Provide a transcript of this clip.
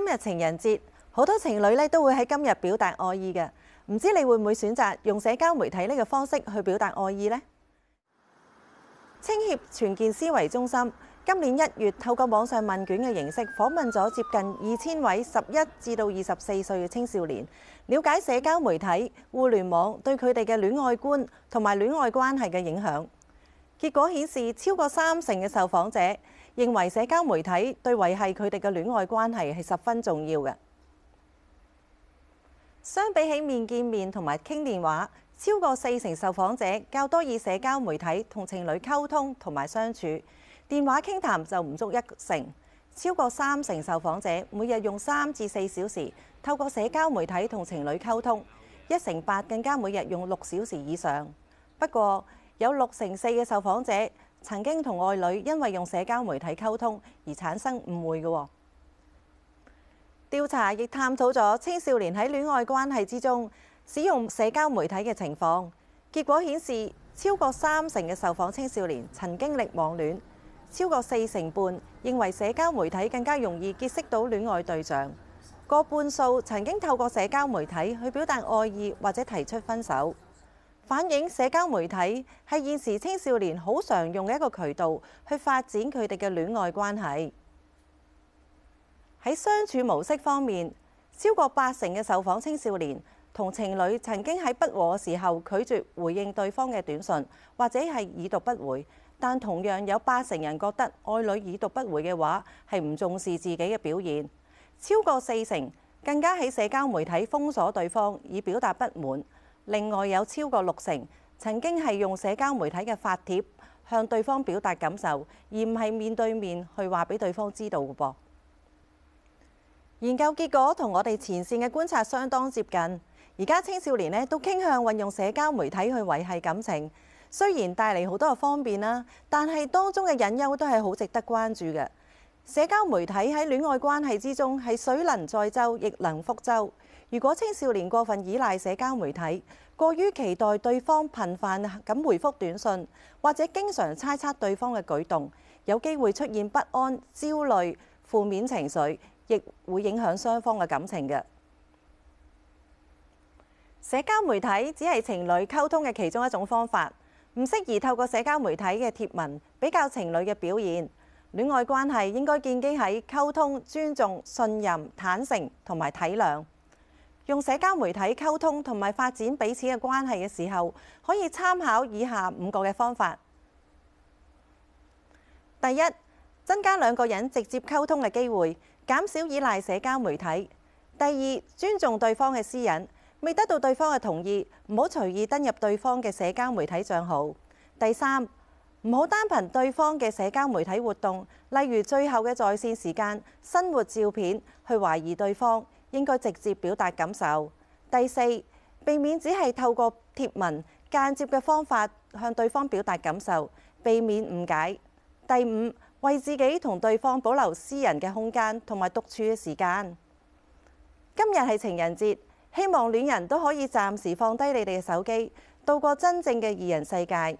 今日情人節，好多情侶咧都會喺今日表達愛意嘅，唔知你會唔會選擇用社交媒體呢個方式去表達愛意呢？青協全健思維中心今年一月透過網上問卷嘅形式訪問咗接近二千位十一至到二十四歲嘅青少年，了解社交媒體、互聯網對佢哋嘅戀愛觀同埋戀愛關係嘅影響。結果顯示，超過三成嘅受訪者，認為社交媒體對維繫佢哋嘅戀愛關係係十分重要嘅。相比起面見面同埋傾電話，超過四成受訪者較多以社交媒體同情侶溝通同埋相處，電話傾談就唔足一成。超過三成受訪者每日用三至四小時透過社交媒體同情侶溝通，一成八更加每日用六小時以上。不過有六成四嘅受訪者。曾經同愛女因為用社交媒體溝通而產生誤會嘅喎。調查，亦探討咗青少年喺戀愛關係之中使用社交媒體嘅情況。結果顯示，超過三成嘅受訪青少年曾經歷網戀，超過四成半認為社交媒體更加容易結識到戀愛對象。過半數曾經透過社交媒體去表達愛意或者提出分手。反映社交媒體係現時青少年好常用嘅一個渠道，去發展佢哋嘅戀愛關係。喺相處模式方面，超過八成嘅受訪青少年同情侶曾經喺不和嘅時候拒絕回應對方嘅短信，或者係已讀不回。但同樣有八成人覺得愛侶已讀不回嘅話係唔重視自己嘅表現。超過四成更加喺社交媒體封鎖對方，以表達不滿。另外有超過六成曾經係用社交媒體嘅發帖向對方表達感受，而唔係面對面去話俾對方知道嘅噃。研究結果同我哋前線嘅觀察相當接近。而家青少年呢都傾向運用社交媒體去維繫感情，雖然帶嚟好多嘅方便啦，但係當中嘅隱憂都係好值得關注嘅。社交媒體喺戀愛關係之中係水能載舟，亦能覆舟。如果青少年過分依賴社交媒體，過於期待對方頻繁咁回覆短信，或者經常猜測對方嘅舉動，有機會出現不安、焦慮、負面情緒，亦會影響雙方嘅感情嘅。社交媒體只係情侶溝通嘅其中一種方法，唔適宜透過社交媒體嘅貼文比較情侶嘅表現。戀愛關係應該建基喺溝通、尊重、信任、坦誠同埋體諒。用社交媒體溝通同埋發展彼此嘅關係嘅時候，可以參考以下五個嘅方法。第一，增加兩個人直接溝通嘅機會，減少依賴社交媒體。第二，尊重對方嘅私隱，未得到對方嘅同意，唔好隨意登入對方嘅社交媒體帳號。第三唔好單憑對方嘅社交媒體活動，例如最後嘅在線時間、生活照片去懷疑對方，應該直接表達感受。第四，避免只係透過貼文間接嘅方法向對方表達感受，避免誤解。第五，為自己同對方保留私人嘅空間同埋獨處嘅時間。今日係情人節，希望戀人都可以暫時放低你哋嘅手機，度過真正嘅二人世界。